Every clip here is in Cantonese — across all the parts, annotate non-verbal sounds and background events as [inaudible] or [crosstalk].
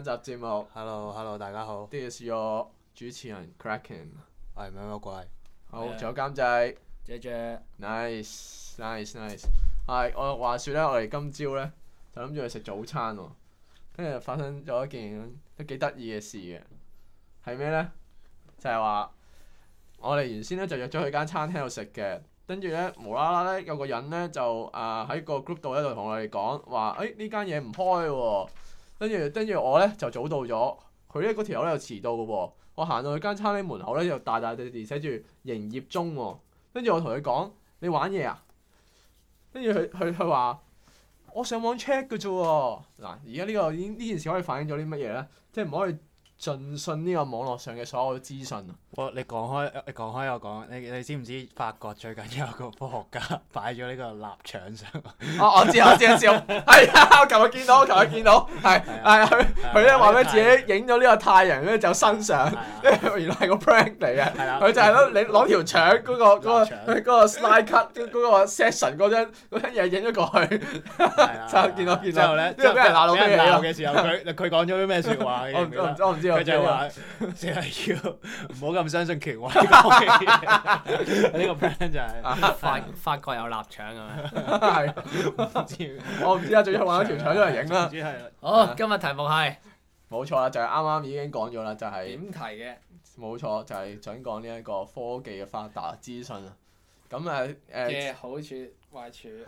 上集節目，Hello Hello，大家好，This is your 主持人 Cracking，係咩咩鬼？哎、好，仲、哎、有監製 J J，Nice Nice Nice，係、nice. 哎、我話説呢，我哋今朝呢，就諗住去食早餐喎、哦，跟住發生咗一件都幾得意嘅事嘅，係咩呢？就係、是、話我哋原先呢，就約咗去間餐廳度食嘅，跟住呢，無啦啦呢，有個人呢，就啊喺、呃、個 group 度咧度同我哋講話，誒呢間嘢唔開喎、哦。跟住跟住我咧就早到咗，佢咧嗰條友咧又遲到嘅喎、哦。我行到去間餐廳門口咧，又大大地地寫住營業中、哦。跟住我同佢講：你玩嘢啊？跟住佢佢佢話：我上網 check 嘅啫喎。嗱，而家呢個已經呢件事可以反映咗啲乜嘢咧？即係唔可以。盡信呢個網絡上嘅所有資訊。我你講開，你講開又講，你你知唔知法國最近有個科學家擺咗呢個臘腸上？我知我知我知，係啊！我琴日見到，琴日見到，係係佢佢咧話畀自己影咗呢個太陽跟住就身上，因為原來係個 prank 嚟嘅。佢就係咯，你攞條腸嗰個嗰個嗰個 slide cut 嗰嗰個 session 嗰張嘢影咗過去。就啊。見到見到之後咧，畀人係咩鬧到咩啊？鬧嘅時候佢佢講咗啲咩説話？我唔我唔知。佢就話，淨係要唔好咁相信權威。呢個 friend 就係法法國有臘腸咁樣。係，我唔知啊。最衰揾咗條腸出嚟影啦。好，今日題目係冇錯啦，就係啱啱已經講咗啦，就係點題嘅。冇錯，就係想講呢一個科技嘅發達、資訊啊。咁誒誒嘅好處、壞處。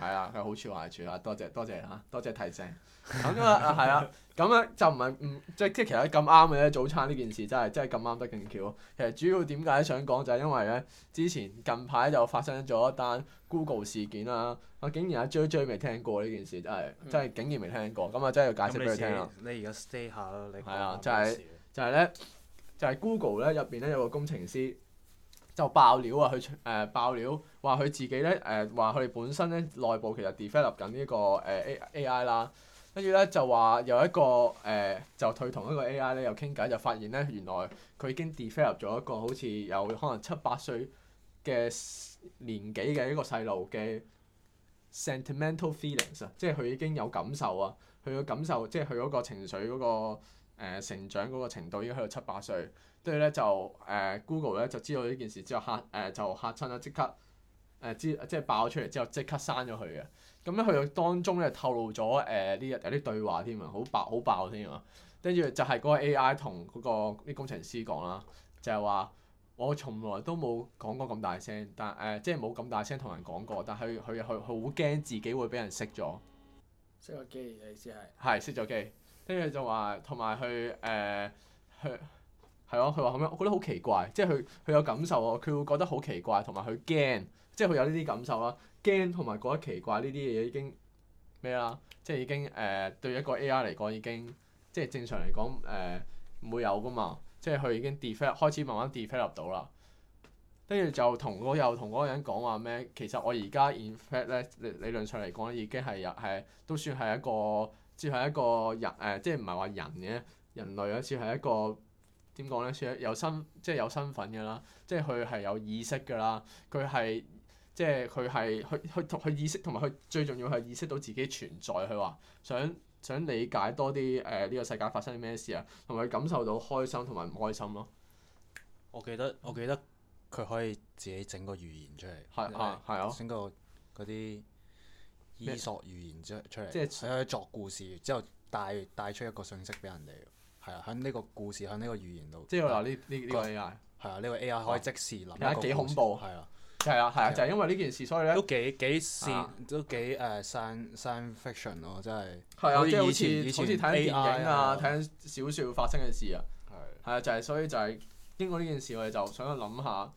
係啊，佢好處壞處啊！多謝多謝嚇，多謝提醒。咁啊！係啊。咁呢就唔係唔即係其實咁啱嘅呢，早餐呢件事真係真係咁啱得咁巧。其實主要點解想講就係因為呢，之前近排就發生咗一單 Google 事件啦、啊。我、啊、竟然阿 J J 未聽過呢件事，真係真係竟然未聽過。咁啊，真係要解釋俾你聽啦。你而家 stay 下啦，你係啊就係、是、就係、是、呢就係、是、Google 呢入邊呢有個工程師就爆料啊，佢誒、呃、爆料話佢自己呢，誒話佢哋本身呢內部其實 develop 緊呢、呢個誒 AI 啦。呃 AI, 跟住咧就話有一個誒、呃、就佢同一個 AI 咧又傾偈，就發現咧原來佢已經 develop 咗一個好似有可能七八歲嘅年紀嘅一個細路嘅 sentimental feelings，即係佢已經有感受啊，佢嘅感受即係佢嗰個情緒嗰、那個誒、呃、成長嗰個程度已經去到七八歲。跟住咧就誒、呃、Google 咧就知道呢件事之後嚇誒、呃、就嚇親啦，即刻誒知、呃、即爆咗出嚟之後即刻刪咗佢啊。咁咧佢當中咧透露咗誒呢日有啲對話添啊，好爆好爆添啊！跟住就係嗰個 AI 同嗰個啲工程師講啦，就係話我從來都冇講過咁大聲，但誒即係冇咁大聲同人講過，但係佢佢佢好驚自己會俾人熄咗，熄咗機嘅意思係係熄咗機，跟住就話同埋佢誒佢係咯，佢話咁樣，呃啊、我覺得好奇怪，即係佢佢有感受喎，佢會覺得好奇怪，同埋佢驚，即係佢有呢啲感受啦。驚同埋覺得奇怪呢啲嘢已經咩啦？即係已經誒、呃、對一個 A.I. 嚟講已經即係正常嚟講誒唔、呃、會有噶嘛？即係佢已經 develop 開始慢慢 develop 到啦。跟住就同嗰又同嗰個人講話咩？其實我而家 in fact 咧，理理論上嚟講已經係有係都算係一個，只係一個人誒、呃，即係唔係話人嘅人類，算係一個點講咧？算係有身即係有身份嘅啦，即係佢係有意識嘅啦，佢係。即係佢係去去同佢意識，同埋佢最重要係意識到自己存在。佢話想想理解多啲誒呢個世界發生啲咩事啊，同埋佢感受到開心同埋唔開心咯。我記得我記得佢可以自己整個寓言出嚟，係係係啊，整、啊、個嗰啲伊索寓言出出嚟，佢可以作故事，之後帶帶出一個信息俾人哋，係啦、啊，喺呢個故事喺呢個寓言度。即係嗱呢呢呢個 A I 係啊，呢、這個 A I 可以即時諗一個故事，係啊。係啊，係啊，了就係因為呢件事，所以呢，都幾幾 science，都幾誒 science science fiction 咯，真係。係啊，即係好似前好似睇緊電影啊，睇緊、啊、小説發生嘅事啊。係了。啊，就係所以就係、是就是、經過呢件事，我哋就想去諗下，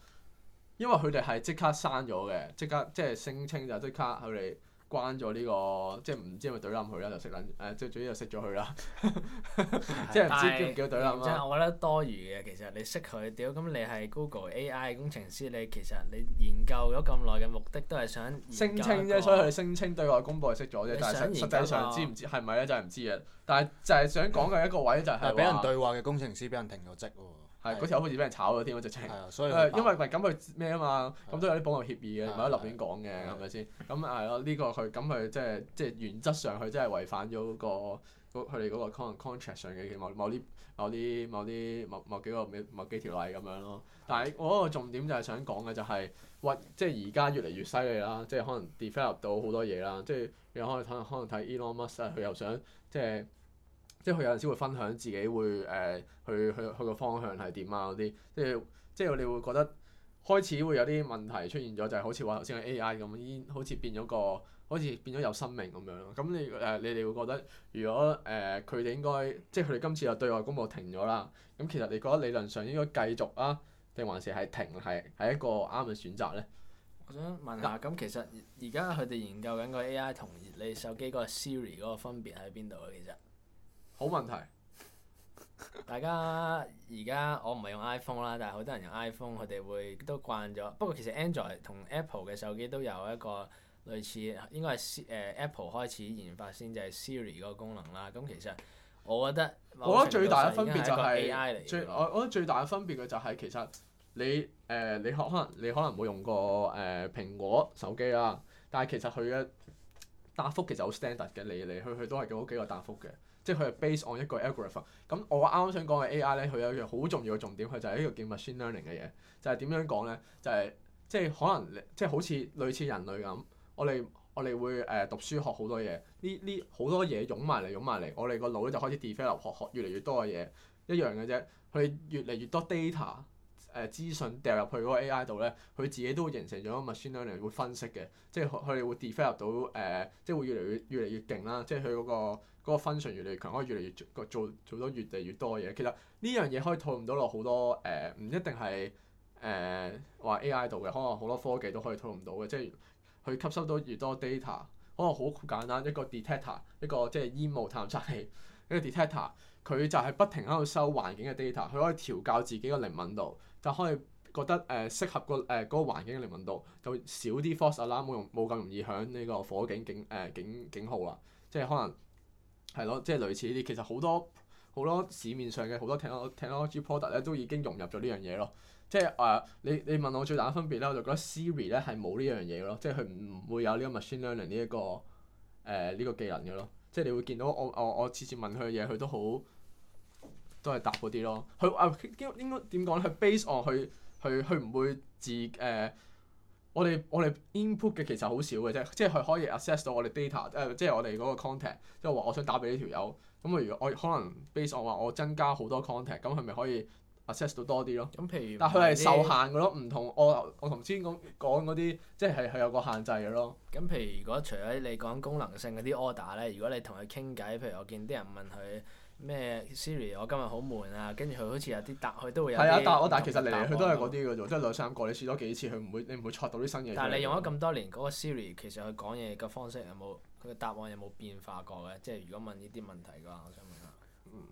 因為佢哋係即刻刪咗嘅，即刻即係、就是、聲稱就即刻佢哋。嗯關咗呢個，即唔知係咪懟冧佢啦，就識撚誒，最、哎、總之就識咗佢啦， [laughs] 即唔知叫唔叫懟冧啦。即 [laughs] 我覺得多餘嘅，其實你識佢屌咁，你係 Google AI 工程師，你其實你研究咗咁耐嘅目的都係想聲稱啫，所以佢聲稱對外公佈係識咗啫，但係實實際上知唔知係咪咧？真係唔知嘅。但係就係想講嘅一個位就係俾人對話嘅工程師俾人停咗職喎、哦，係嗰條友好似俾人炒咗添喎，直情，啊，所以，因為咪咁佢咩啊嘛，咁都有啲保密協議嘅，唔係啲立亂講嘅，係咪先？咁係咯，呢、呢個佢咁佢即係即係原則上佢真係違反咗個嗰佢哋嗰個可能 contract 上嘅某啲某啲某啲某某，某，某幾個某幾條例咁樣咯。但係我嗰個重點就係想講嘅就係、係，或即係而家越嚟越犀利啦，即、就、係、係、可能 develop 到好多嘢啦，即係你可能可能可能睇 Elon Musk 佢又想即係。即係佢有陣時會分享自己會誒、呃、去去去個方向係點啊嗰啲，即係即係我哋會覺得開始會有啲問題出現咗，就係、是、好似話頭先嘅 A.I. 咁，好似變咗個好似變咗有生命咁樣咯。咁你誒、呃、你哋會覺得如果誒佢哋應該即係佢哋今次又對外公佈停咗啦，咁其實你覺得理論上應該繼續啊，定還是係停係係一個啱嘅選擇呢？我想問下，咁其實而家佢哋研究緊個 A.I. 同你手機嗰個 Siri 嗰個分別喺邊度咧？其實？好問題。大家而家我唔係用 iPhone 啦，但係好多人用 iPhone，佢哋會都慣咗。不過其實 Android 同 Apple 嘅手機都有一個類似，應該係誒、呃、Apple 開始研發先至係、就是、Siri 嗰個功能啦。咁其實我覺得，我覺得、就是，我覺得最大嘅分別就係最我覺得最大嘅分別嘅就係其實你誒、呃、你可能你可能冇用過誒、呃、蘋果手機啦，但係其實佢嘅答覆其實好 standard 嘅，嚟嚟去去都係幾好幾個答覆嘅。即係佢係 based on 一個 algorithm。咁我啱啱想講嘅 AI 咧，佢有一樣好重要嘅重點，佢就係呢個叫 machine learning 嘅嘢，就係點樣講呢？就係、是、即係可能即係好似類似人類咁，我哋我哋會誒讀書學好多嘢，呢呢好多嘢湧埋嚟湧埋嚟，我哋個腦咧就開始 develop 學學越嚟越多嘅嘢，一樣嘅啫，佢越嚟越多 data。誒、啊、資訊掉入去嗰個 A.I. 度咧，佢自己都會形成咗一個 machine learning 會分析嘅，即係佢哋會 develop 到誒、呃，即係會越嚟越越嚟越勁啦。即係佢嗰個嗰、嗰個 function 越嚟越強，可以越嚟越做做做到越嚟越多嘢。其實呢樣嘢可以套用到落好多誒，唔、呃、一定係誒話 A.I. 度嘅，可能好多科技都可以套用到嘅。即係佢吸收到越多 data，可能好簡單一個 detector，一個即係煙霧探測器，一個 detector，佢就係不停喺度收環境嘅 data，佢可以調教自己嘅靈敏度。就可以覺得誒、呃、適合、那個誒嗰、呃那個環境嘅靈敏度，就會少啲 false alarm，冇容冇咁容易響呢個火警、呃、警誒警警號啦，即係可能係咯，即係類似呢啲。其實好多好多市面上嘅好多 technology product 咧，都已經融入咗呢樣嘢咯。即係誒、呃，你你問我最大嘅分別咧，我就覺得 Siri 咧係冇呢樣嘢咯，即係佢唔會有呢個 machine learning 呢、這、一個誒呢、呃這個技能嘅咯。即係你會見到我我我，我次次問佢嘅嘢，佢都好。都係答嗰啲咯，佢啊應應該點講咧？佢 base on 佢佢佢唔會自誒、呃，我哋我哋 input 嘅其實好少嘅啫，即係佢可以 access 到我哋 data 誒、呃，即係我哋嗰個 contact 即係話我想打俾呢條友。咁譬如我可能 base on 話我增加好多 contact 咁係咪可以 access 到多啲咯？咁譬如，但佢係受限嘅咯，唔同我我頭先講講嗰啲，即係係有個限制嘅咯。咁譬如，如果除咗你講功能性嗰啲 order 咧，如果你同佢傾偈，譬如我見啲人問佢。咩 Siri 我今日好悶啊，跟住佢好似有啲答，佢都會有答案。係但、啊、我但其實嚟嚟去去都係嗰啲嘅啫，即係、嗯、兩三個，你試多幾次，佢唔會你唔會錯到啲新嘢出嚟。但你用咗咁多年嗰、嗰個 Siri，其實佢講嘢嘅方式有冇佢嘅答案有冇變化過嘅？即如果問呢啲問題嘅話，我想問下。嗯、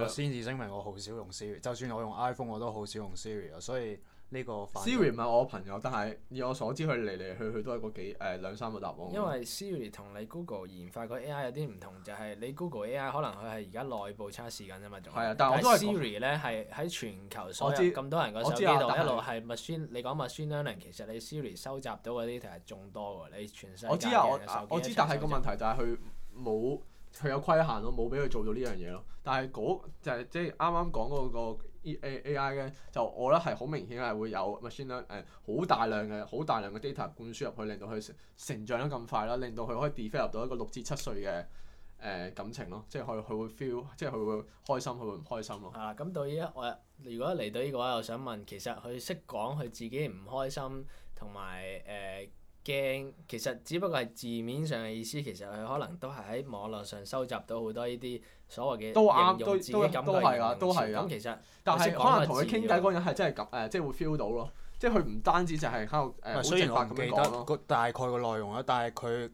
我先至聲明，我好少用 Siri、嗯、就算我用 iPhone 我都好少用 Siri 啊，所以。呢 Siri 唔係我朋友，但係以我所知，佢嚟嚟去去都係嗰幾誒、呃、兩三個答案。因為 Siri 同你 Google 研發個 AI 有啲唔同，就係、是、你 Google AI 可能佢係而家內部測試緊啫嘛，仲但喺 Siri 呢係喺我全球所有咁多人個手機度一路係 machine，你 machine 量量。你講 machine learning，其實你 Siri 收集到嗰啲其實仲多喎，你全世界的的我知啊，我知，但係個問題就係佢冇佢有規限咯，冇俾佢做到呢樣嘢咯。但係嗰就係即係啱啱講嗰個。依 A A I 咧，就我覺得係好明顯係會有 machine learning，好大量嘅好大量嘅 data 灌輸入去，令到佢成成長得咁快啦，令到佢可以 develop 到一個六至七歲嘅誒感情咯，即係佢佢會 feel，即係佢會開心，佢會唔開心咯。啊，咁到依家我如果嚟到依個我想問，其實佢識講佢自己唔開心同埋誒驚，其實只不過係字面上嘅意思，其實佢可能都係喺網絡上收集到好多依啲。所謂嘅都啱，都都都係啦，都係啊。咁其實，但係可能同佢傾偈嗰個係真係咁誒，即係會 feel 到咯，即係佢唔單止就係喺度誒。雖然我記得個大概嘅內容啦，但係佢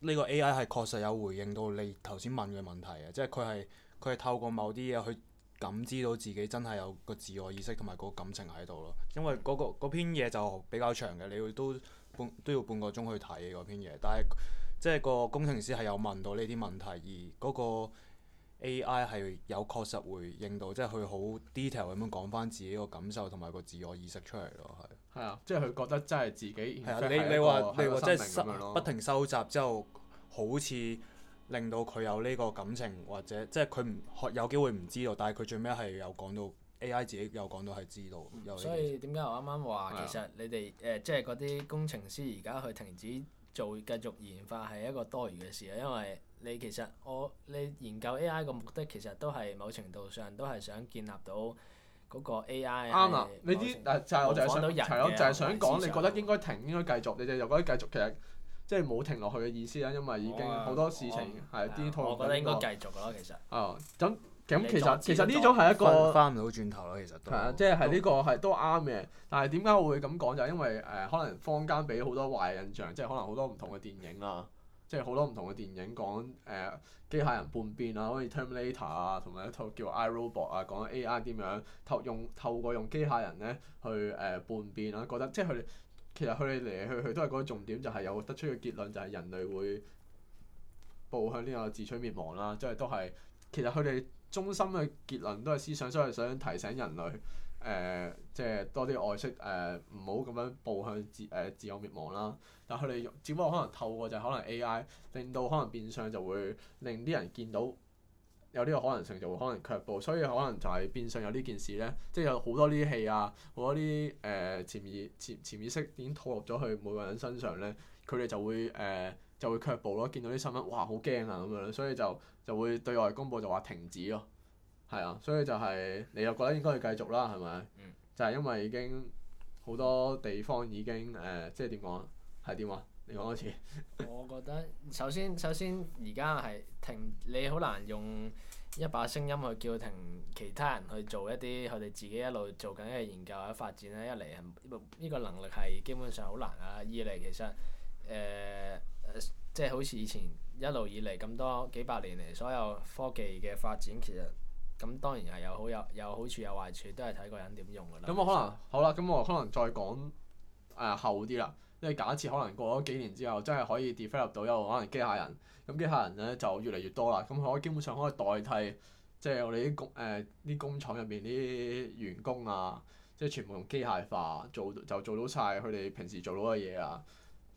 呢個 A.I. 係確實有回應到你頭先問嘅問題嘅，即係佢係佢係透過某啲嘢去感知到自己真係有個自我意識同埋嗰個感情喺度咯。因為嗰個篇嘢就比較長嘅，你要都半都要半個鐘去睇嗰篇嘢，但係即係個工程師係有問到呢啲問題，而嗰個。A.I. 係有確實會應到，即係佢好 detail 咁樣講返自己個感受同埋個自我意識出嚟咯，係。係啊，即係佢覺得真係自己、啊。你你話你話即係不停收集之後，好似令到佢有呢個感情，或者即係佢唔有機會唔知道，但係佢最尾係有講到 A.I. 自己有講到係知道。所以點解我啱啱話其實你哋誒、啊呃、即係嗰啲工程師而家去停止做繼續研發係一個多餘嘅事咧？因為你其實我你研究 AI 個目的其實都係某程度上都係想建立到嗰個 AI 啱啦。你啲就係我就想係咯，就係想講你覺得應該停，應該繼續，你哋又覺得繼續其實即係冇停落去嘅意思啦，因為已經好多事情係啲套路。我覺得應該繼續咯，其實哦咁咁其實其實呢種係一個翻唔到轉頭咯，其實係啊，即係呢個係都啱嘅。但係點解我會咁講就係因為誒可能坊間俾好多壞嘅印象，即係可能好多唔同嘅電影啦。即係好多唔同嘅電影講誒、呃、機械人叛變啊，好似《Terminator 啊，同埋一套叫 I Robot 啊，講 AI 點樣透用透過用機械人呢去誒、呃、叛變啊，覺得即係佢哋其實佢哋嚟嚟去去都係嗰個重點，就係、是、有得出嘅結論，就係人類會步向呢個自取滅亡啦、啊。即、就、係、是、都係其實佢哋中心嘅結論都係思想，所以想提醒人類誒。呃即係多啲外息誒，唔好咁樣步向自誒、呃、自我滅亡啦。但係佢哋只不過可能透過就可能 AI 令到可能變相就會令啲人見到有呢個可能性，就會可能卻步。所以可能就係變相有呢件事咧，即係有好多呢啲戲啊，好多啲誒、呃、潛意潛，潛意識已經套入咗去每個人身上咧。佢哋就會誒、呃、就會卻步咯。見到啲新聞，哇，好驚啊咁樣，所以就就會對外公佈就話停止咯。係啊，所以就係、是、你又覺得應該要繼續啦，係咪？就係因為已經好多地方已經誒、呃，即係點講啊？係點話？你講多次我。我覺得首先首先，而家係停，你好難用一把聲音去叫停其他人去做一啲佢哋自己一路做緊嘅研究啊、發展咧。一嚟係呢個能力係基本上好難啦、啊。二嚟其實誒誒，即、呃、係、即係、好似以前一路以嚟咁多幾百年嚟所有科技嘅發展其實。咁當然係有好有有好處有壞處，都係睇個人點用噶啦。咁我可能好啦，咁我可能再講誒、呃、後啲啦。因為假設可能過咗幾年之後，真係可以 develop 到一個可能機械人，咁機械人呢就越嚟越多啦。咁可基本上可以代替即係我哋啲工誒啲、呃、工廠入邊啲員工啊，即係全部用機械化做就做到晒佢哋平時做到嘅嘢啊。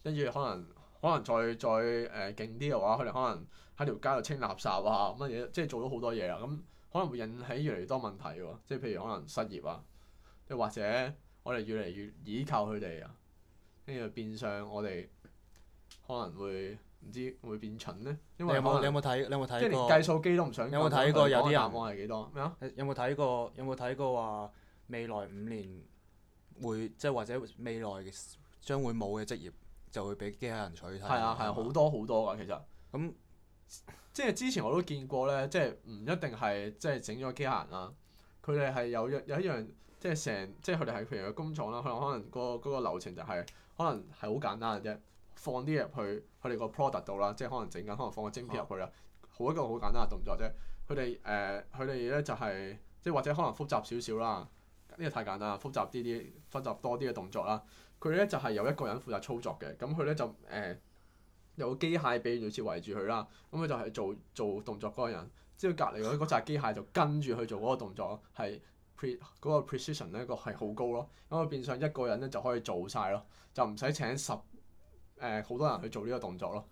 跟住可能可能再再誒勁啲嘅話，佢哋可能喺條街度清垃圾啊乜嘢，即係做到好多嘢啊咁。可能會引起越嚟越多問題喎，即係譬如可能失業啊，即係或者我哋越嚟越倚靠佢哋啊，跟住變相我哋可能會唔知會，會變蠢咧。你有冇你有冇睇？你有冇睇？即係連計數機都唔想。你有冇睇過有啲？人話係幾多？咩啊？有冇睇過？有冇睇過話未來五年會即係或者未來將會冇嘅職業就會俾機器人取代？係啊係啊，好多好多㗎其實咁。即係之前我都見過咧，即係唔一定係即係整咗機器人啦。佢哋係有有一樣，即係成即係佢哋係譬如個工廠啦，佢可能、個嗰、個流程就係、係、可能係好簡單嘅啫，放啲嘢入去佢哋個 product 度啦，即係可能整緊，可能放個晶片入去啦，好一個好、啊、簡單嘅動作啫。佢哋誒佢哋咧就係、係、即係或者可能複雜少少啦，呢個太簡單啦，複雜啲啲，複雜多啲嘅動作啦。佢咧就係由一個人負責操作嘅，咁佢咧就誒。呃有機械俾類似圍住佢啦，咁佢就係做做動作嗰個人，之後隔離嗰嗰紮機械就跟住去做嗰個動作，係 pre 嗰個 precision 呢、呢個係好高咯，咁啊變相一個人呢就可以做晒咯，就唔使請十誒好、呃、多人去做呢個動作咯。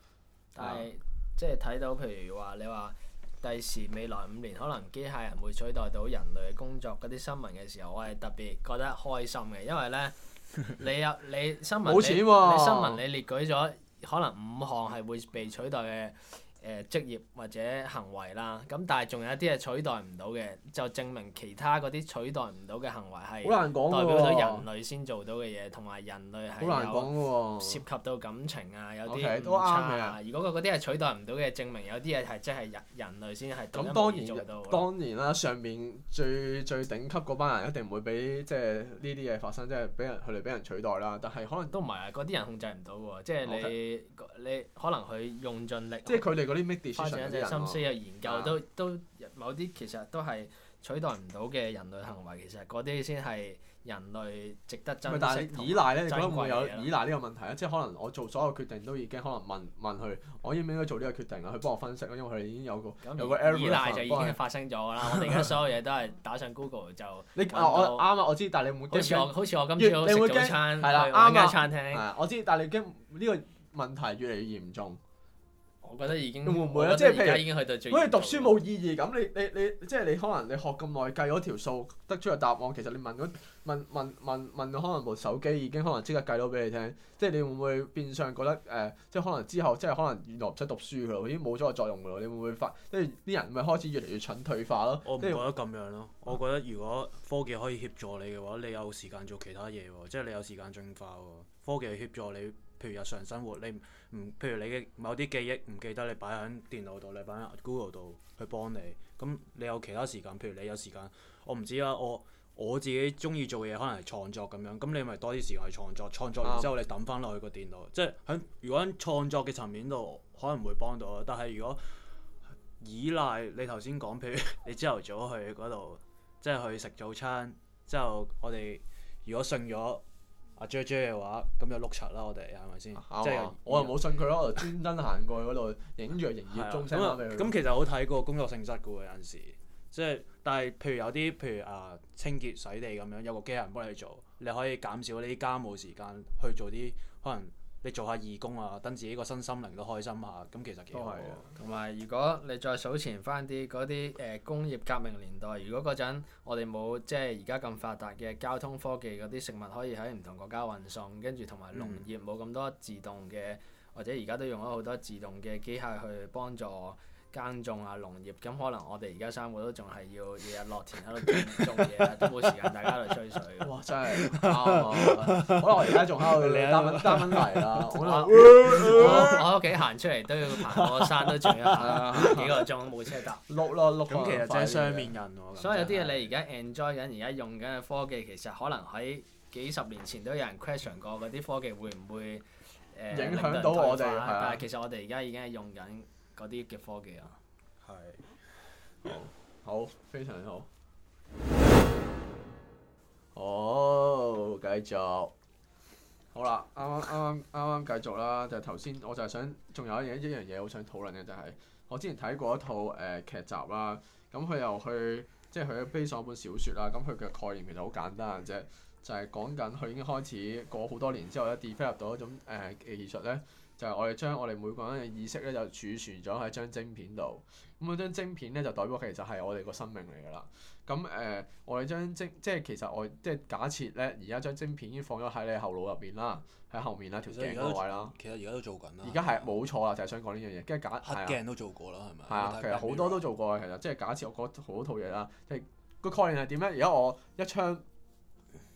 但係是吧即係睇到譬如話你話第時未來五年可能機械人會取代到人類工作嗰啲新聞嘅時候，我係特別覺得開心嘅，因為呢，你有你新聞冇 [laughs] 錢喎、啊，你新聞你列舉咗。可能五項係會被取代嘅。誒、呃、職業或者行為啦，咁但係仲有一啲係取代唔到嘅，就證明其他嗰啲取代唔到嘅行為係代表咗人類先做到嘅嘢，同埋人類係有涉及到感情啊，有啲誤差啊。如果嗰啲係取代唔到嘅，證明有啲嘢係真係人人類先係獨一無二做到。咁當然、當然啦、啊，上面最最頂級嗰班人一定唔會俾即係呢啲嘢發生，即係俾人佢哋俾人取代啦。但係可能都唔係啊，嗰啲人控制唔到喎，即係你 Okay. 你可能佢用盡力。即係佢哋。嗰啲 make decision 嘅、啊、花心思去、啊、研究都，都都某啲其實都係取代唔到嘅人類行為。其實嗰啲先係人類值得珍惜珍但係依賴呢？你覺得唔會有依賴呢個問題啊？即可能我做所有決定都已經可能問問佢，我應唔應該做呢個決定啊？佢幫我分析咯，因為佢已經有個、啊、有個、er、依賴就已經發生咗啦、 [laughs] 啊。我哋而家所有嘢都係打上 Google，就你我啱啊！我知，但係你，你會好似的我今次好似做餐係啦，餐啊！我知，但係你驚呢個問題越嚟越嚴重。我覺得已經，而家已經去到最如。好似讀書冇意義咁，你你你，即係你可能你學咁耐計嗰條數，得出個答案，其實你問嗰問問問問，問問問可能部手機已經可能即刻計到俾你聽，即係你會唔會變相覺得誒、呃，即係可能之後即係可能原來唔使讀書㗎喇，已經冇咗個作用㗎喇，你會唔會發？跟住啲人咪開始越嚟越蠢退化咯。我唔覺得咁樣咯，嗯、我覺得如果科技可以協助你嘅話，你有時間做其他嘢喎，即係你有時間進化喎，科技協助你。譬如日常生活，你唔譬如你嘅某啲記憶唔記得，你擺喺電腦度，你擺喺 Google 度去幫你。咁你有其他時間，譬如你有時間，我唔知啊。我我自己中意做嘢，可能係創作咁樣。咁你咪多啲時間去創作，創作完之後你抌翻落去個電腦。對即係喺如果喺創作嘅層面度，可能會幫到啦。但係如果依賴你頭先講，譬如你朝頭早去嗰度，即係去食早餐之後，我哋如果信咗。阿、啊、J er J 嘅、er、話，咁就碌柒啦！我哋係咪先？即係我又冇信佢咯，我就專登行過去嗰度影弱營業中心。咁的、嗯嗯、其實好睇個工作性質噶喎，有陣時即係，但係譬如有啲譬如啊，清潔洗地咁樣，有個機器人幫你做，你可以減少呢啲家務時間去做啲可能。你做下義工啊，等自己個身心靈都開心下，咁其實幾好。啊、哦，同埋如果你再數前翻啲嗰啲誒工業革命年代，如果嗰陣我哋冇即係而家咁發達嘅交通科技，嗰啲食物可以喺唔同國家運送，跟住同埋農業冇咁多自動嘅，嗯、或者而家都用咗好多自動嘅機械去幫助。耕種啊，農業，咁可能我哋而家三個都仲係要日日落田喺度種種嘢啊，都冇時間大家嚟吹水。哇，真係！好、oh, oh, oh. oh, 我而家仲喺度攞啲攞啲泥啦。我啦，我我屋企行出嚟都要爬個山都仲要行幾個鐘冇車搭。碌咯碌，咁其實真係雙面人喎。所以有啲嘢你而家 enjoy 緊，而家用緊嘅科技，其實可能喺幾十年前都有人 question 過嗰啲科技會唔會誒、呃、影響到我哋？化對但係其實我哋而家已經係用緊。嗰啲嘅科技啊，係好，好，非常之好。哦，繼續，好啦，啱啱啱啱繼續啦。就頭先，我就係想，仲有一嘢，一樣嘢好想討論嘅就係，我之前睇過一套誒劇集啦。咁佢又去，即係佢嘅 base 咗一本小説啦。咁佢嘅概念其實好簡單嘅啫，就係講緊佢已經開始過好多年之後咧 develop 到一種誒技術咧。就係我哋將我哋每個人嘅意識咧，就儲存咗喺張晶片度。咁嗰張晶片咧，就代表其實係我哋個生命嚟㗎啦。咁誒、呃，我哋張晶即係其實我即係假設咧，而家張晶片已經放咗喺你後腦入邊啦，喺後面啦，條頸嗰位啦。其實而家都在做緊啦。而家係冇錯啦，就係、是、想講呢樣嘢。跟住假黑鏡都做過啦，係咪？係啊，看其實好多都做過。其實即係假設我覺得好套嘢啦。即係、那個概念係點咧？而家我一槍。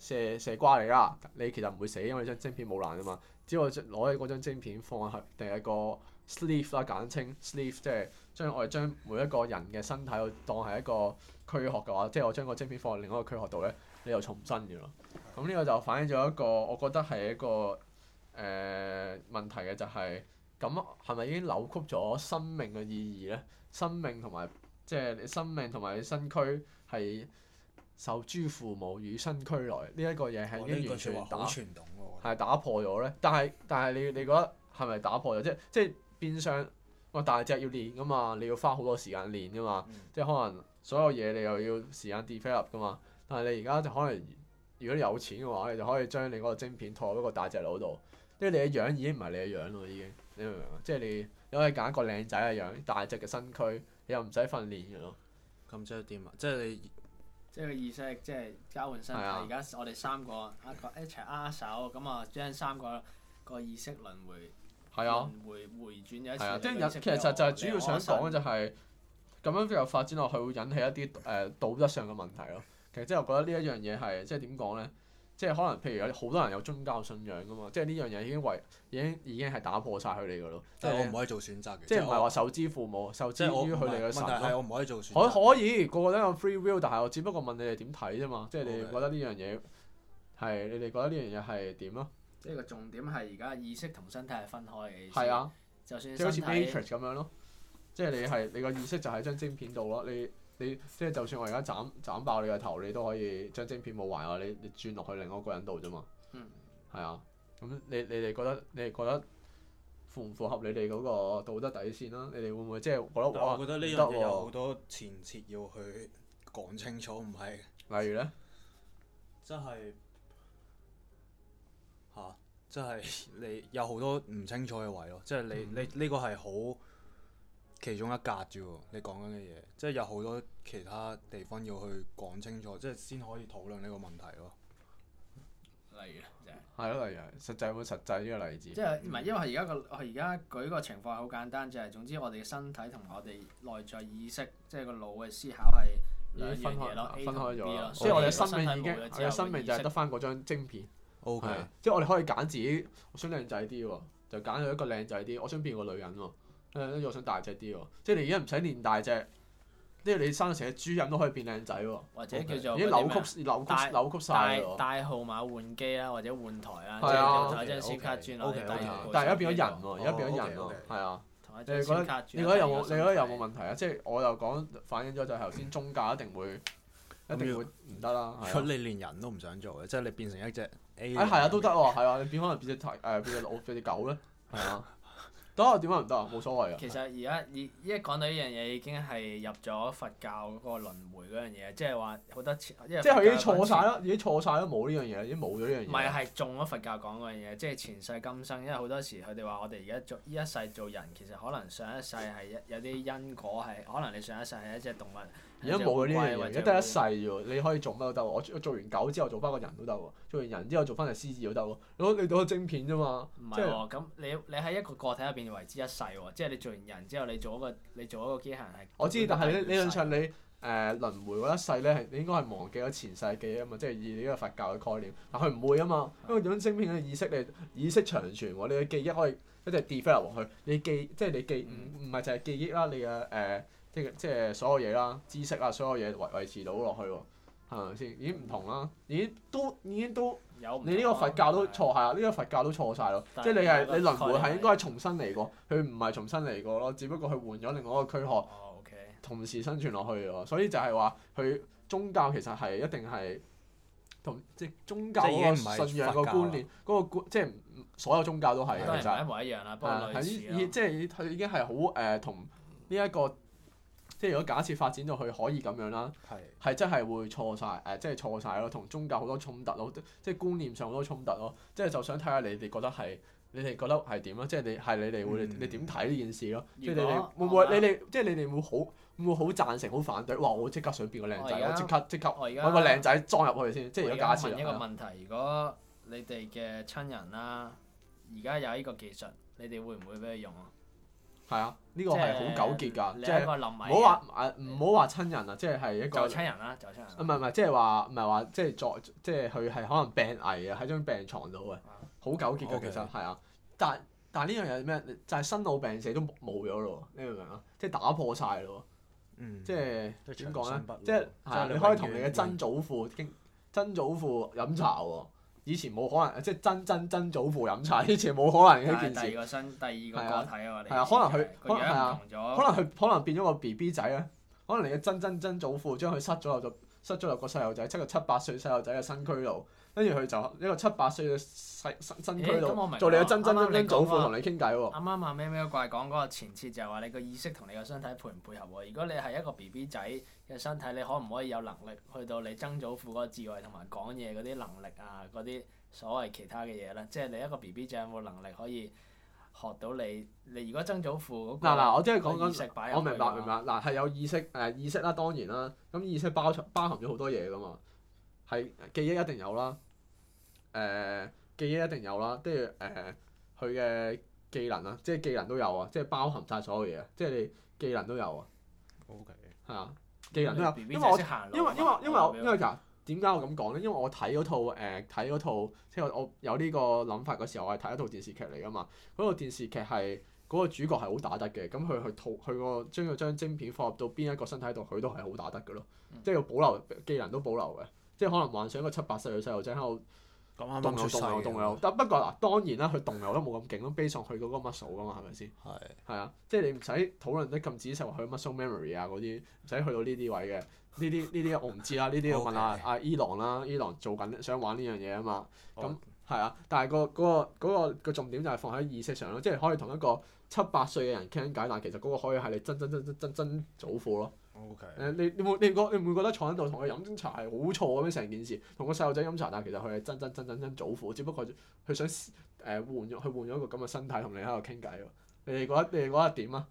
射射瓜嚟啦！你其實唔會死，因為張晶片冇爛啊嘛。只要我攞起嗰張晶片放喺定係個 sleeve 啦，簡稱 sleeve，即係將我哋將每一個人嘅身體當係一個軀殼嘅話，即係我將個晶片放喺另一個軀殼度咧，你就重生嘅咯。咁呢個就反映咗一個我覺得係一個誒、呃、問題嘅、就是，就係咁係咪已經扭曲咗生命嘅意義咧？生命同埋即係你生命同埋你身軀係。受諸父母與身俱來呢一，這個嘢係已經完全打係，哦這個、打破咗咧。但係但係你你覺得係咪打破咗？即即係變相哇，哦、大隻要練㗎嘛，你要花好多時間練㗎嘛。嗯、即可能所有嘢你又要時間 develop 噶嘛。但係你而家就可能如果你有錢嘅話，你就可以將你嗰個晶片套喺個大隻佬度。即係你嘅樣已經唔係你嘅樣啦，已經你明唔明啊？即係你你可以揀個靚仔嘅樣，大隻嘅身軀你又唔使訓練嘅咯。咁即係點啊？即、就、係、是、你。即係意識，即係交換身體。而家、啊、我哋三個啊，一齊握握手，咁啊將三個個意識輪迴、啊、輪迴回，輪啊，回轉一次。係啊，跟住其實就係主要想講嘅就係、是、咁樣繼續發展落去，會引起一啲誒、呃、道德上嘅問題咯。其實即係我覺得、就是、呢一樣嘢係即係點講咧？即係可能譬如有好多人有宗教信仰噶嘛，即係呢樣嘢已經為已經已經係打破晒佢哋噶咯。即係我唔可以做選擇嘅，即係唔係話受之父母受之於佢哋嘅神，問題，係我唔可以做選擇可。可可以個個都有 free will，但係我只不過問你哋點睇啫嘛，的即係你哋覺得呢樣嘢係你哋覺得呢樣嘢係點咯？即係個重點係而家意識同身體係分開嘅。係啊，就算即係好似 matrix 咁樣咯， [laughs] 即係你係你個意識就喺張晶片度咯，你。你即係、就是、就算我而家斬斬爆你個頭，你都可以將晶片冇壞我，你你轉落去另外一個人度啫嘛。嗯，係啊。咁你你哋覺得你哋覺得符唔符合你哋嗰個道德底線啦、啊？你哋會唔會即係覺得，我覺得呢樣嘢有好多前設要去講清楚，唔係。例如呢，真係吓，真係你有好多唔清楚嘅位咯。即係、嗯、你你呢個係好。其中一格啫喎，你講緊嘅嘢，即係有好多其他地方要去講清楚，即係先可以討論呢個問題咯如。例如，就係。係咯，例如係，實際冇實際呢個例子。即係唔係因為而家個？而家舉個情況係好簡單，就係、是、總之我哋嘅身體同我哋內在意識，即係個腦嘅思考係兩樣嘢咯。分開咗，和 B，開所以我哋嘅生命已經，我哋嘅生命就係得翻嗰張晶片。O okay . K，即係我哋可以揀自己，我想靚仔啲喎，就揀咗一個靚仔啲。我想變個女人喎。誒，我想大隻啲喎，即係你而家唔使練大隻，即係你生到成隻豬咁都可以變靚仔喎，或者叫做已經扭曲、扭曲、扭曲曬啦。大號碼換機啦，或者換台啦，即係用台小卡轉落，但係而家變咗人喎，而家變咗人喎，係啊。你覺得有冇？你覺得有冇問題啊？即係我又講反映咗就係頭先中介一定會一定會唔得啦。佢你連人都唔想做嘅，即係你變成一隻誒係啊都得喎，係啊，你變可能變隻誒變隻老變隻狗咧，係啊。得啊？點解唔得啊？冇所謂啊！其實而家已一講到呢樣嘢，已經係入咗佛教嗰個輪迴嗰樣嘢，就是、即係話好多前。即係佢已經錯晒啦，已經錯晒啦，冇呢樣嘢，已經冇咗呢樣嘢。唔係，係中咗佛教講嗰樣嘢，即係前世今生。因為好多時佢哋話，我哋而家做依一世做人，其實可能上一世係有啲因果，係可能你上一世係一隻動物。而家冇佢呢樣嘢，而家得一世啫喎！會會你可以做乜都得喎，我做完狗之後做翻個人都得喎，做完人之後做翻隻獅子都得喎。我你到個晶片啫嘛，哦、即係是咁你你喺一個個體入邊為之一世喎，即係你做完人之後你做一個你做一個機械人係我知，但係咧呢兩場你誒、呃、輪迴嗰一世呢，係你應該係忘記咗前世嘅記憶啊嘛，即係以呢個佛教嘅概念，但係佢唔會啊嘛，因為做咗晶片嘅意識，你意識長存喎，你嘅記憶可以一直 develop 落去。你記即係你記唔唔係淨係記憶啦，你嘅誒。即即係所有嘢啦，知識啊，所有嘢維維持到落去喎，係咪先？已經唔同啦，已經都已經都，有你呢個佛教都錯晒啦，呢個佛教都錯晒咯。即係你係你輪迴係應該係重新嚟過，佢唔係重新嚟過咯，只不過佢換咗另外一個軀殼，哦 okay、同時生存落去喎。所以就係話佢宗教其實係一定係同即係宗教信仰個觀念嗰個觀，即係所有宗教都係其實一模一樣啦，不過類似啦。即係佢已經係好誒同呢一個。即係如果假設發展到去可以咁樣啦，係真係會錯晒，誒，即係錯晒咯，同宗教好多衝突咯，即係觀念上好多衝突咯。即係就想睇下你哋覺得係，你哋覺得係點咯？即係你係你哋會你點睇呢件事咯？即係你哋會唔會你哋即係你哋會好會好贊成好反對？哇！我即刻想變個靚仔，我即刻即刻揾個靚仔裝入去先。即係如果假設啊。我問一個問題：如果你哋嘅親人啦，而家有呢個技術，你哋會唔會俾佢用啊？係啊，呢個係好糾結㗎，即係唔好話誒，唔好話親人啊，即係係一個就親人啦，就親人，唔係唔係，即係話唔係話，即係在即係佢係可能病危啊，喺張病床度啊，好糾結嘅其實係啊。但但呢樣嘢咩？就係生老病死都冇咗咯喎，你明唔明啊？即係打破晒咯喎，嗯，即係點講咧？即係係啊，你可以同你嘅曾祖父曾祖父飲茶喎。以前冇可能，即係曾曾曾祖父飲茶，以前冇可能嘅呢件事。第二個身，第二個個體啊啊，啊，可能佢、啊，可能變咗個 B B 仔啊，可能你嘅曾曾曾祖父將佢塞咗落咗，塞咗入個細路仔，七個七八歲細路仔嘅身軀度。跟住佢就一個七八歲嘅身身身軀度做你嘅曾曾曾曾祖父同你傾偈喎。啱啱啊咩咩怪講嗰個前設就係話你個意識同你個身體配唔配合喎、啊？如果你係一個 B B 仔嘅身體，你可唔可以有能力去到你曾祖父嗰個智慧同埋講嘢嗰啲能力啊嗰啲所謂其他嘅嘢呢？即係你一個 B B 仔有冇能力可以學到你？你如果曾祖父嗰，嗱嗱，我真係講緊、啊、我明白明白嗱係有意識誒、呃、意識啦、啊，當然啦、啊，咁意識包包含咗好多嘢㗎嘛。係記憶一定有啦，誒、呃、記憶一定有啦，跟住誒佢嘅技能啦，即係技能都有啊，即係包含晒所有嘢啊，即係你技能都有啊。O K。係啊，技能都有，因為我寶寶因為我因為，因為，因為我因為其實點解我咁講呢？因為我睇嗰套誒睇嗰套，即係我有呢個諗法嘅時候，我係睇一套電視劇嚟㗎嘛。嗰套電視劇係嗰、嗰個主角係好打得嘅，咁佢去套佢個將嗰張晶片放入到邊一個身體度，佢都係好打得㗎咯，即係要保留，技能都保留嘅。即係可能幻想一個七八歲嘅細路仔喺度動又動又動又，但不過嗱當然啦，佢動又都冇咁勁咯，背上去嗰個 muscle 㗎嘛，係咪先？係。係啊，即係你唔使討論得咁仔細話佢 muscle memory 啊嗰啲，唔使去到呢啲位嘅。呢啲呢啲我唔知啦，呢啲要問下阿 Elon 啦，Elon 做緊想玩呢樣嘢啊嘛。咁係啊，但係個個個個重點就係放喺意識上咯，即係可以同一個七八歲嘅人傾緊偈，但其實嗰個可以係你曾曾曾曾曾曾祖父咯。OK，你你唔覺你唔會覺得坐喺度同佢飲茶係好錯咁樣，成件事，同個細路仔飲茶，但其實佢係真真真真真祖父，只不過佢想誒、呃、換咗佢換咗一個咁嘅身體同你喺度傾偈喎。你哋覺得你哋覺得點啊？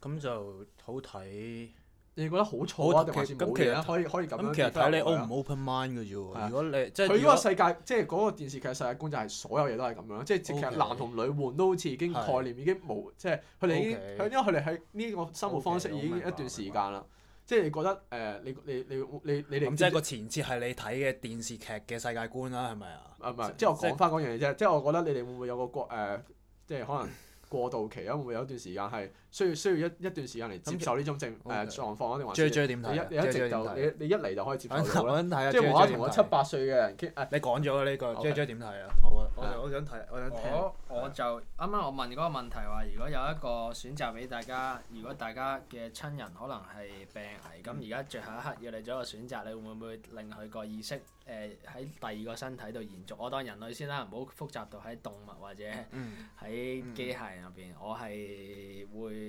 咁就好睇。你覺得好錯啊！咁其實睇你 open 唔 open mind 嘅啫喎。如果你即佢呢個世界，即係嗰個電視劇世界觀就係所有嘢都係咁樣咯。即其實男同女換都好似已經概念已經冇，即佢哋已經，因為佢哋喺呢個生活方式已經一段時間啦。即你覺得誒，你你你你你哋咁即係個前設係你睇嘅電視劇嘅世界觀啦，係咪啊？啊唔係，即我講翻嗰樣嘢啫。即我覺得你哋會唔會有個過誒，即可能過渡期，會唔會有一段時間係？需要需要一一段時間嚟接受呢種症誒狀況啊定還是你一你一直就你你一嚟就可以接受啦。即係我同我七八歲嘅人。你講咗呢個 J.J. 點睇啊？我我我想睇我想。我我就啱啱我問嗰個問題話，如果有一個選擇俾大家，如果大家嘅親人可能係病危，咁而家最後一刻要你做一個選擇，你會唔會令佢個意識誒喺第二個身體度延續？我當人類先啦，唔好複雜到喺動物或者喺機械入邊。我係會。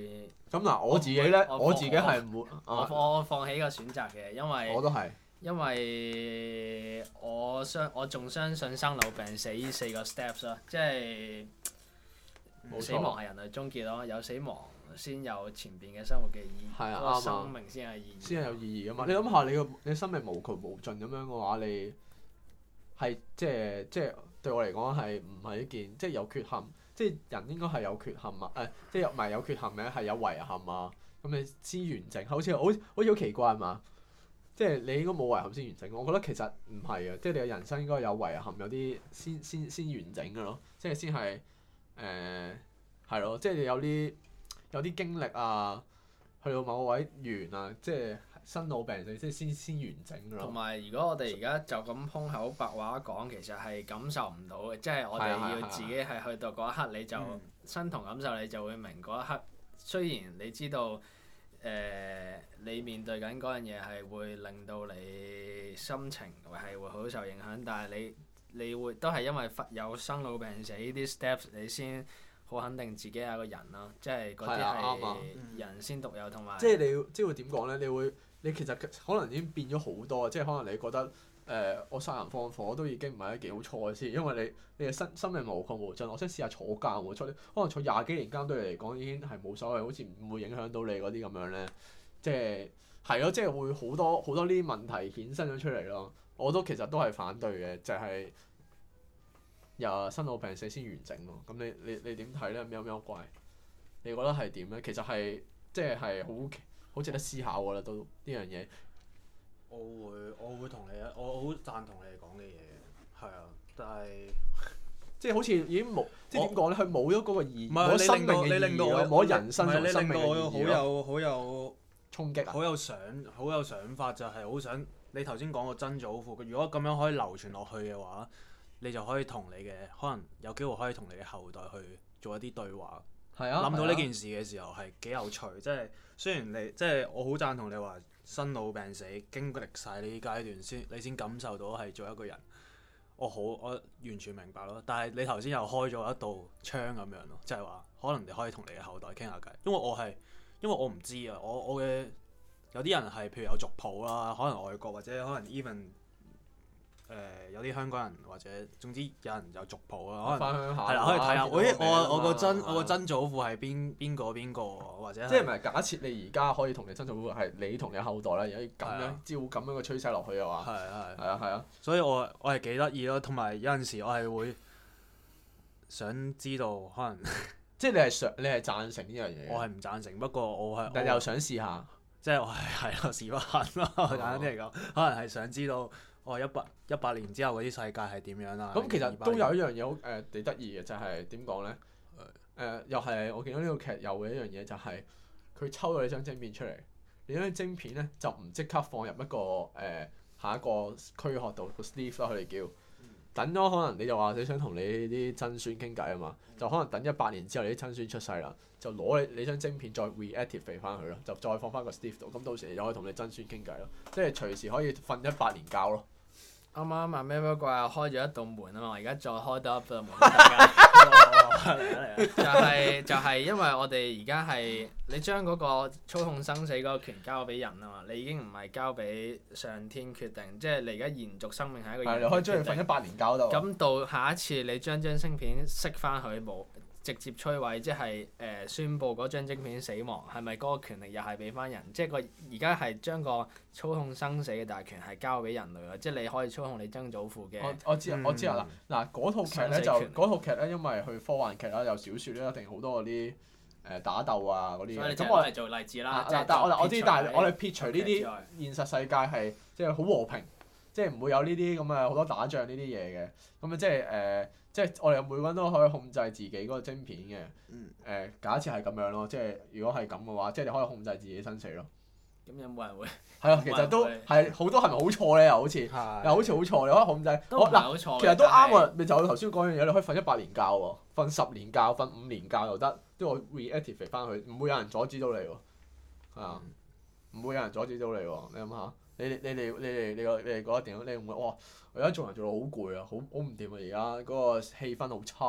咁嗱、嗯啊，我自己咧，我，我，我自己係唔會、啊我，我放棄個選擇嘅，因為我都係，因為我相我仲相信生老病死呢四個 steps 啦，即係冇錯、死亡係人類終結咯，有死亡先有前邊嘅生活嘅意義，啊、個生命先係意義，先係有意義噶嘛？嗯、你諗下，你個你生命無窮無盡咁樣嘅話，你係即係即係對我嚟講係唔係一件即係有缺陷。即係人應該係有缺陷啊！誒、哎，即係唔係有缺陷咧？係有遺憾啊！咁你先完整，好似好好似好奇怪係嘛？即係你應該冇遺憾先完整。我覺得其實唔係啊！即係你嘅人生應該有遺憾，有啲先先先完整㗎咯。即係先係誒係咯。即係你有啲有啲經歷啊，去到某個位完啊，即係。生老病死先先完整㗎咯。同埋如果我哋而家就咁空口白話講，其實係感受唔到嘅，即係我哋要自己係去到嗰一刻，你就身同、嗯、感受，你就會明嗰一刻。雖然你知道，誒、呃，你面對緊嗰樣嘢係會令到你心情係會好受影響，但係你你會都係因為有生老病死呢啲 steps，你先好肯定自己係個人咯。即係嗰啲係人先獨有，同埋、嗯嗯、即係你即係會點講咧？你會你其實可能已經變咗好多，即係可能你覺得誒、呃、我殺人放火都已經唔係一件好錯嘅事，因為你你嘅生生命無窮無盡，我想試下坐監我坐可能坐廿幾年監，對你嚟講已經係冇所謂，好似唔會影響到你嗰啲咁樣咧。即係係咯，即係會好多好多呢啲問題衍生咗出嚟咯。我都其實都係反對嘅，就係又生老病死先完整咯。咁你你你點睇咧？喵喵怪，你覺得係點咧？其實係即係係好。就是好值得思考噶、啊、啦，都呢樣嘢。我會，我會同你，我好贊同你哋講嘅嘢。係啊，但係即係好似已經冇，即係點講咧？佢冇咗嗰個意義，唔係我生命嘅意義，冇人生，係你令到我好有好有衝擊、啊，好有想，好有想法，就係、係、好想你頭先講個曾祖父。如果咁樣可以流傳落去嘅話，你就可以同你嘅可能有機會可以同你嘅後代去做一啲對話。係啊，諗到呢件事嘅時候係幾有趣，即係雖然你即係我好贊同你話生老病死經歷晒呢階段先你先感受到係做一個人，我好我完全明白咯。但係你頭先又開咗一道窗咁樣咯，即係話可能你可以同你嘅後代傾下偈。因為我係因為我唔知啊，我我嘅有啲人係譬如有族譜啦，可能外國或者可能 even。誒、呃、有啲香港人或者總之有人有族譜啦、啊，可能翻鄉下係啦，可以睇下、啊。咦，我我個曾我個曾祖父係邊邊個邊個？或者即係唔係假設你而家可以同你曾祖父係你同你後代咧，而家咁樣照咁樣嘅趨勢落去嘅話，係係係啊係啊！所以我我係幾得意咯，同埋有陣時我係會想知道，可能即係你係想你係贊成呢樣嘢，我係唔贊成，不過我係又想試下，即係我係係咯屎忽痕咯，簡單啲嚟講，可能係想知道。哦，一百一百年之後嗰啲世界係點樣啦？咁其實都有一樣嘢好誒，幾得意嘅就係點講咧？誒、uh, 呃、又係我見到呢套劇有一樣嘢，就係、是、佢抽咗你張晶片出嚟，你張晶片咧就唔即刻放入一個誒、呃、下一個軀殼度，Steve 啦佢哋叫，等咗可能你就話你想同你啲曾孫傾偈啊嘛，就可能等一百年之後你啲曾孫出世啦，就攞你你張晶片再 reactivate 翻佢咯，就再放翻個 Steve 度，咁到時你就可以同你曾孫傾偈咯，即係隨時可以瞓一百年覺咯。.啱啱啊！咩乜鬼啊？開咗一道門啊嘛，我而家再開多一道門。 [laughs] 就係、就係，因為我哋而家係你將嗰個操控生死嗰個權交俾人啊嘛，你已經唔係交俾上天決定，即係你而家延續生命係一個。咁到下一次你將張晶片熄翻佢冇。直接摧毀，即係誒宣佈嗰張晶片死亡，係咪嗰個權力又係俾翻人？ [noise] 即係而家係將個操控生死嘅大權係交俾人類咯。即係你可以操控你曾祖父嘅。我我知啊，我知啊。嗱嗰套劇呢，就嗰套劇呢，因為佢科幻劇啦，又小説啦，定好多嗰啲誒打鬥啊嗰啲。咁我嚟做例子啦。但係我知，啊、我知，但係我哋撇除呢啲現實世界係即係好和平，即係唔會有呢啲咁嘅好多打仗呢啲嘢嘅。咁咪即係即係我哋每個人都可以控制自己嗰個晶片嘅，誒、呃、假設係咁樣咯，即係如果係咁嘅話，即係你可以控制自己生死咯。咁、嗯、有冇人會？係啊的，有有其實都係好多係咪好錯呢？又的好似又好似好錯，你可以控制。其實都啱喎，咪、就是、就我頭先講嘢，你可以瞓一百年覺喎，瞓十年覺、瞓五年覺就得，即係我 reactivate 翻去，唔會有人阻止到你喎。係啊，唔、嗯、會有人阻止到你喎，你諗下。你哋，你哋你哋你個你哋覺得點？你會唔會哇！我而家做人做到好攰啊，好好唔掂啊！而家嗰個氣氛好差，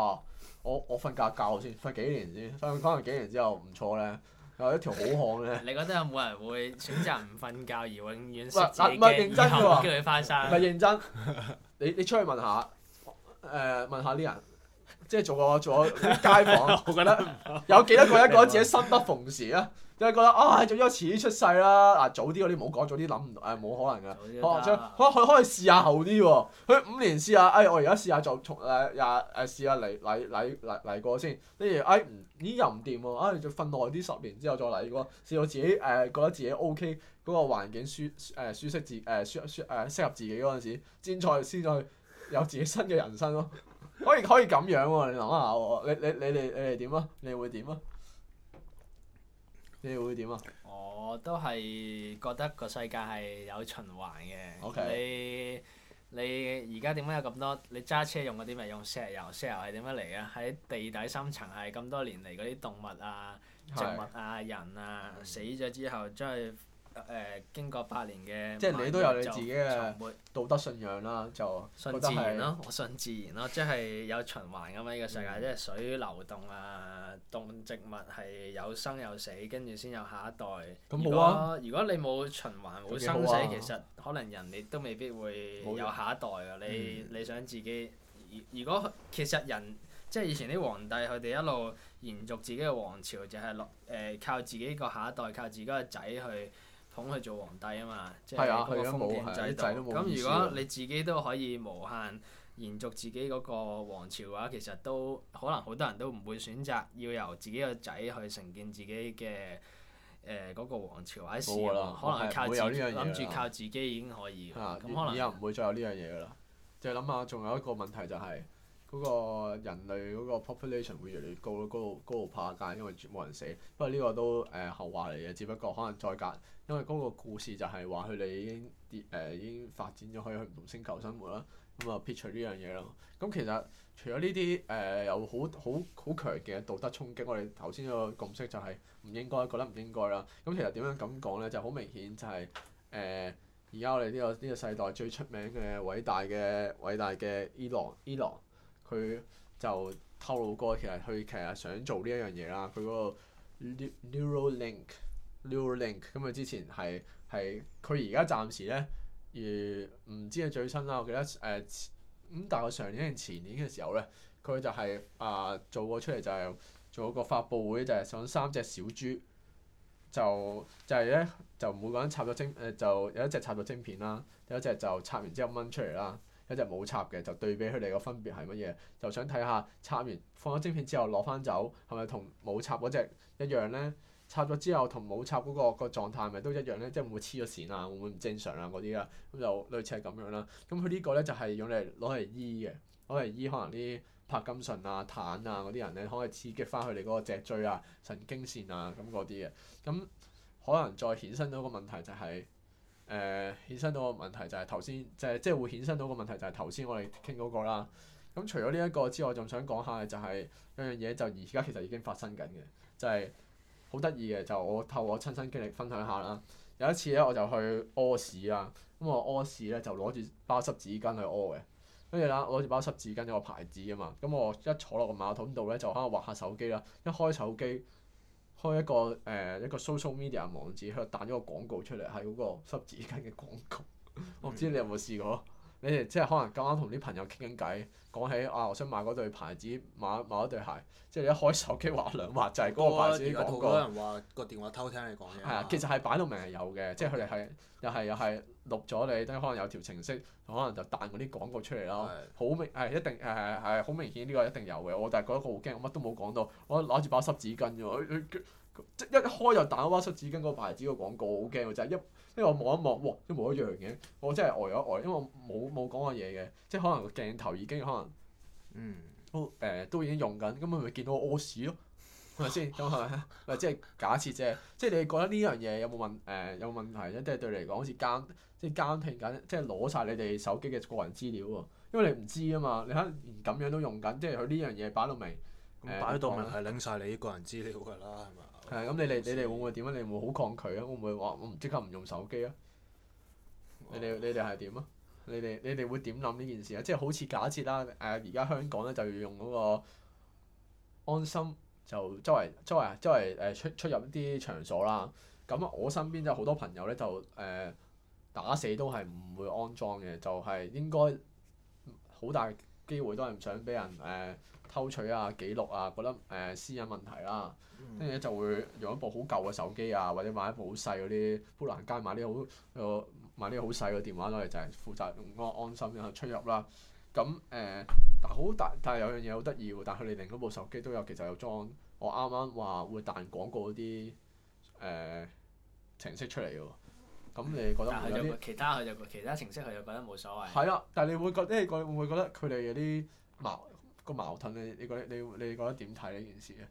我我瞓下覺，覺先，瞓幾年先，瞓可能幾年之後唔錯咧，有一條好漢咧。你覺得有冇人會選擇唔瞓覺而永遠？唔唔唔認真喎，唔係、啊、認真。你你出去問下，誒、呃、問下啲人，即係做個做個街坊， [laughs] 我覺得有幾多個人覺得自己生不逢時啊？就係覺得啊，做咗遲啲出世、啊啊、啦，嗱早啲嗰啲唔好講，早啲諗唔誒冇可能嘅，可可可可以試下後啲喎，佢五年試下，哎我而家試下做從誒廿誒試下嚟嚟嚟嚟嚟過先，跟住，哎唔咦又唔掂喎，哎、啊、再瞓耐啲十年之後再嚟過，試到自己誒、啊、覺得自己 OK 嗰個環境舒誒舒，、啊、舒適自誒舒舒誒適合自己嗰陣時，先再先再有自己新嘅人生咯、啊，可以 [laughs] 可以咁樣喎，你諗下喎，你你你哋你哋點啊？你會點啊？你會點啊？我都係覺得個世界係有循環嘅 Okay.。你你而家點解有咁多？你揸車用嗰啲咪用石油？石油係點樣嚟嘅？喺地底深層係咁多年嚟嗰啲動物啊、植物啊、人啊是死咗之後將。誒、呃、經過八年嘅，即係你都有你自己嘅道德信仰啦，就信自然咯、啊，我信自然咯、啊，即係有循環咁樣呢個世界，即係水流動啊，動植物係有生有死，跟住先有下一代。咁冇、嗯、果啊！如果你冇循環，冇生死，啊、其實可能人哋都未必會有下一代噶。嗯、你你想自己？如果其實人即係以前啲皇帝，佢哋一路延續自己嘅皇朝、就係，就係落誒靠自己個下一代，靠自己個仔去。捧佢做皇帝啊嘛，即係佢個封建制度。咁如果你自己都可以無限延續自己嗰個皇朝嘅話，其實都可能好多人都唔會選擇要由自己個仔去承建自己嘅誒嗰個皇朝話，或者試下，了可能係靠自己諗住靠自己已經可以咁的、嗯、可能以後唔會再有呢樣嘢㗎啦。就係諗下，仲有一個問題就係、是。嗰個人類嗰個 population 會越嚟越高咯，高到高到怕隔，但係因為冇人死。不過呢個都誒、呃、後話嚟嘅，只不過可能再隔，因為嗰個故事就係話佢哋已經跌誒、呃、已經發展咗可以去唔同星球生活啦。咁啊撇除呢樣嘢啦。咁其實除咗呢啲誒有好好好強嘅道德衝擊，我哋頭先個共識就係唔應該，覺得唔應該啦。咁其實點樣咁講咧，就好明顯就係誒而家我哋呢個呢個世代最出名嘅偉大嘅偉大嘅 Elon Elon。佢就透露過，其實佢其實想做呢一樣嘢啦。佢嗰個 Neuralink、Neuralink，咁佢之前係係佢而家暫時呢，而唔知係最新啦。我記得誒，咁但係上年定前年嘅時候呢，佢就係、是、啊、呃、做過出嚟，就係做一個發佈會，就係、是、想三隻小豬，就就係、是、呢，就每個人插咗晶誒，就有一隻插咗晶片啦，有一隻就插完之後掹出嚟啦。一隻冇插嘅，就對比佢哋個分別係乜嘢，就想睇下插完放咗晶片之後攞翻走，係咪同冇插嗰隻一樣呢？插咗之後同冇插嗰個個狀態，咪都一樣呢？即係會唔會黐咗線啊？會唔會唔正常啊？嗰啲啊，咁就類似係咁樣啦。咁佢呢個呢，就係用嚟攞嚟醫嘅，攞嚟醫可能啲帕金遜啊、坦啊嗰啲人呢，可以刺激翻佢哋嗰個脊椎啊、神經線啊咁嗰啲嘅。咁可能再衍生到個問題就係。誒衍生到個問題就係頭先，即係即係會衍生到個問題就係頭先我哋傾嗰個啦。咁、嗯、除咗呢一個之外，仲想講下嘅就係一樣嘢，就而家其實已經發生緊嘅，就係好得意嘅，就我透過親身經歷分享下啦。有一次咧，我就去屙屎啦，咁、嗯、我屙屎咧就攞住包濕紙巾去屙嘅，跟住啦我攞住包濕紙巾有個牌子㗎嘛，咁、嗯、我一坐落個馬桶度咧就可能畫下手機啦，一開手機。開一個誒、呃、一個 social media 網址，喺度彈咗個廣告出嚟，係嗰個濕紙巾嘅廣告。 [laughs] 我唔知你有冇試過？你哋即係可能啱啱同啲朋友傾緊偈，講起啊，我想買嗰對牌子買買一對鞋，即係你一開手機畫兩畫就係嗰個牌子啲廣告。好多人話個電話偷聽你講嘢。係啊，其實係擺到明係有嘅的，即係佢哋係又係又係錄咗你，等於可能有條程式，可能就彈嗰啲廣告出嚟咯。好的明係一定係係係好明顯，呢個一定有嘅。我但係覺得好驚，我乜都冇講到，我攞住把濕紙巾啫喎。哎哎即一開就彈哇出紙巾嗰個牌子個廣告，好驚喎！就係一,一,一,一,看一,看一呃呃，因為我望一望，哇，都冇一樣嘅。我真係呆咗呆，因為我冇冇講過嘢嘅，即可能個鏡頭已經可能，嗯，都誒、呃，都已經用緊，咁、嗯、咪見到我屙屎咯，係咪先？咁係咪？或者係假設啫？即你覺得呢樣嘢有冇問誒有冇、呃、問題咧？即對你嚟講好似監即監聽緊，即攞晒你哋手機嘅個人資料喎。因為你唔知啊嘛，你可能連咁樣都用緊，即佢呢樣嘢擺到明，擺到明係拎晒你啲個人資料㗎啦，係咪？係，咁、嗯、你哋你哋會唔會點啊？你會唔會好抗拒啊？會唔會話我唔即刻唔用手機啊？你哋你哋係點啊？你哋你哋會點諗呢件事啊？即係好似假設啦，誒而家香港咧就要用嗰個安心就周圍周圍周圍誒出出入一啲場所啦。咁、嗯、我身邊就好多朋友咧就誒、呃、打死都係唔會安裝嘅，就係、是、應該好大，機會都係唔想俾人誒、呃、偷取啊記錄啊，覺得誒、呃、私隱問題啦，跟住咧就會用一部好舊嘅手機啊，或者買一部好細嗰啲砵蘭街買啲好買啲好細嘅電話攞嚟，就係、是、負責安安心然後出入啦。咁、嗯、誒、呃，但好大，但係有樣嘢好得意喎，但係佢哋另外一部手機都有，其實有裝我啱啱話會彈廣告嗰啲誒程式出嚟嘅喎。咁你覺得有啲其他佢就其他程式佢又覺得冇所謂。係啊，但係你會覺，即係你會唔會覺得佢哋有啲矛個矛盾？你你覺得你你覺得點睇呢件事啊？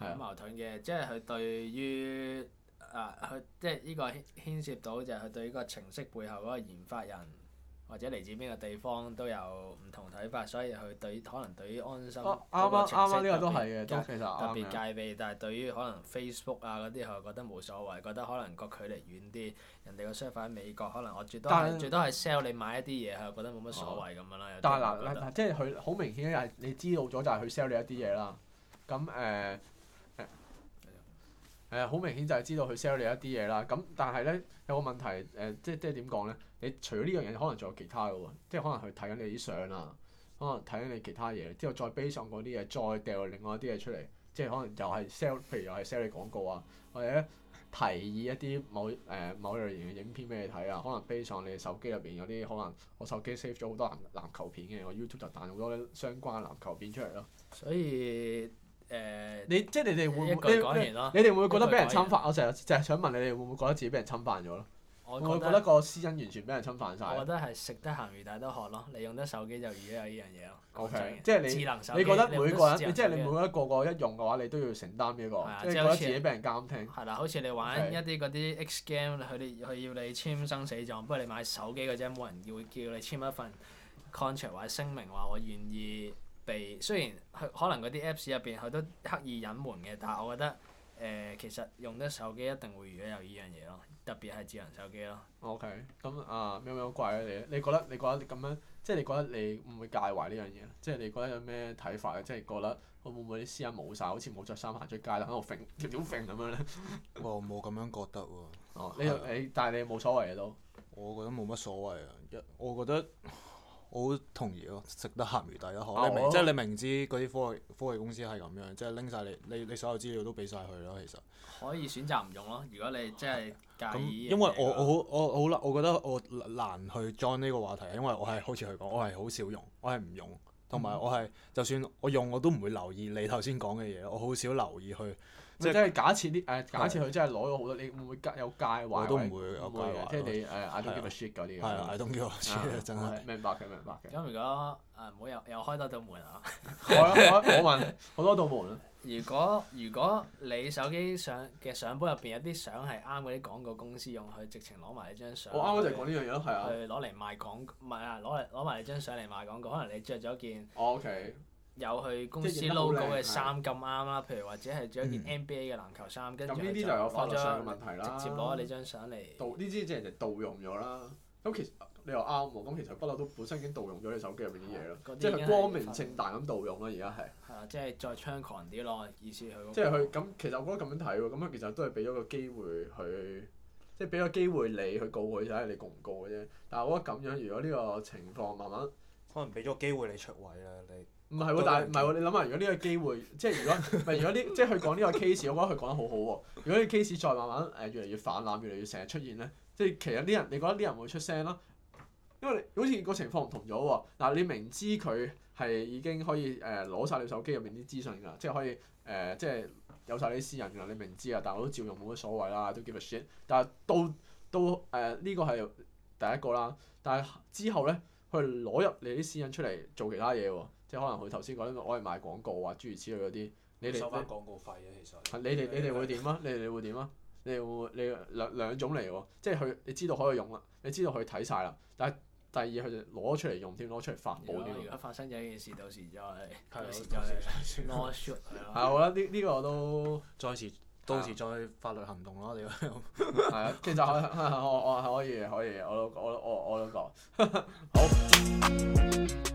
係啊，矛盾嘅，即係佢對於啊，佢即係呢個牽涉到就係佢對呢個程式背後嗰個研發人。或者嚟自邊個地方都有唔同睇法，所以佢對可能對於安心啱啱嗰個程式特別戒備，但係對於可能 Facebook 啊嗰啲，佢又覺得冇所謂，覺得可能個距離遠啲，人哋個 shop 喺美國，可能我最多係最多係 sell 你買一啲嘢，佢又覺得冇乜所謂咁樣啦。但係嗱嗱，即係佢好明顯係你知道咗就係佢 sell 你一啲嘢啦。咁誒誒誒，好、啊啊啊、明顯就係知道佢 sell 你一啲嘢啦。咁但係呢，有個問題誒、啊，即即係點講呢？你除咗呢樣嘢，可能仲有其他嘅喎，即係可能佢睇緊你啲相啊，可能睇緊你其他嘢，之後再悲送嗰啲嘢，再掉另外一啲嘢出嚟，即係可能又係 sell，譬如又係 sell 你廣告啊，或者提議一啲某誒、呃、某類型嘅影片俾你睇啊，可能悲送你手機入邊有啲，可能我手機 save 咗好多籃籃球片嘅，我 YouTube 就彈咗好多相關籃球片出嚟咯。所以誒、呃，你即係你哋會唔會你你你哋會唔會覺得俾人侵犯？我成日就係想問你哋會唔會覺得自己俾人侵犯咗咯？我覺得,我覺得個私隱完全俾人侵犯晒。我覺得係食得鹹魚，抵得渴咯。你用得手機就如果有呢樣嘢咯。O Okay . K，即係你，你覺得每個人，即係你每一個個,個一用嘅話，你都要承擔呢、這、一個，的即係如果自己俾人監聽。係啦，好似你玩一啲嗰啲 X game，佢哋佢要你簽生死狀，不過 Okay. 你買手機嗰陣，冇人會叫你簽一份 contract 或者聲明話我願意被。雖然可能嗰啲 apps 入邊佢都刻意隱瞞嘅，但係我覺得誒、呃，其實用得手機一定會如果有呢樣嘢咯。特別係智能手機咯。OK，咁啊，喵喵怪咧、啊？你覺你覺得你覺得咁樣，即係你覺得你唔會介懷呢樣嘢？即係你覺得有咩睇法咧？即係覺得會唔會啲私隱冇晒，好似冇著衫行出街，喺度揈條屌揈咁樣咧？ [laughs] 我冇咁樣覺得喎、啊。哦、啊，你的你，你但係你冇所謂嘅都我謂。我覺得冇乜所謂啊，一我覺得。我好同意咯，食得鹹魚抵得渴、哦、你明？即係你明知嗰啲科技科技公司係咁樣，即係拎晒你你你所有資料都俾晒佢咯，其實。可以選擇唔用咯，如果你真係介意咁、嗯嗯、因為我、嗯、我好我好難，我覺得我難去 join 呢個話題，因為我係好似佢講，我係好少用，我係唔用，同埋我係、嗯、就算我用我都唔會留意你頭先講嘅嘢，我好少留意佢。即係假設啲誒，假設佢真係攞咗好多，你會唔會有介懷？都唔會，我唔會嘅。即係你誒 I don't give a shit 嗰啲咁樣。I don't give a shit 真係。明白嘅，明白嘅。咁如果誒唔好又又開多道門啊？好我問好多道門啊。如果如果你手機上嘅相簿入邊有啲相係啱嗰啲廣告公司用，佢直情攞埋你張相。我啱啱就講呢樣嘢咯，係啊。去攞嚟賣廣唔係啊？攞嚟攞埋你張相嚟賣廣告，可能你著咗件。O.K. 有佢公司 logo 嘅衫咁啱啦，譬如或者係著一件 NBA 嘅籃球衫，跟住呢啲就係有法律上嘅問題啦，直接攞你張相嚟盜，呢啲即係人哋盜用咗啦。咁其實你又啱喎，咁其實不嬲都本身已經盜用咗你手機入面啲嘢啦，即係光明正大咁盜用啦。而家係係啊，即係再猖狂啲咯，意思係咁、那個。即係佢咁，其實我覺得咁樣睇喎，咁其實都係俾咗個機會佢，即係俾個機會你去告佢，就係你告唔告嘅啫。但係我覺得咁樣，如果呢個情況慢慢，可能俾咗機會你出位啦，你。唔係喎，但係唔係喎。你諗下，如果呢個機會，即係如果唔係，如果呢，即係佢講呢個 case，我覺得佢講得好好喎。如果呢 case 再慢慢誒越嚟越氾濫，越嚟越成日出現咧，即係其實啲人你覺得啲人會出聲咯，因為你好似個情況唔同咗喎。嗱，你明知佢係已經可以誒攞晒你手機入面啲資訊㗎，即係可以誒，即係有晒你啲私隱㗎。你明知啊，但係我都照用冇乜所謂啦，都 give a shit。但係到到誒呢個係第一個啦，但係之後咧佢攞入你啲私隱出嚟做其他嘢喎。即係可能佢頭先講，我係賣廣告啊，諸如此類嗰啲，你哋收翻廣告費啊，其實。你哋你哋會點啊？你哋會點啊？你哋會你兩兩種嚟喎，即係佢你知道可以用啦，你知道佢睇晒啦，但係第二佢就攞出嚟用添，攞出嚟發布添。發生咗呢件事，到時再，到時再算咯，算係咯。係我覺得呢呢個都，到時到時再法律行動咯，你講係啊，其實我我我可以可以，我都我我我都講好。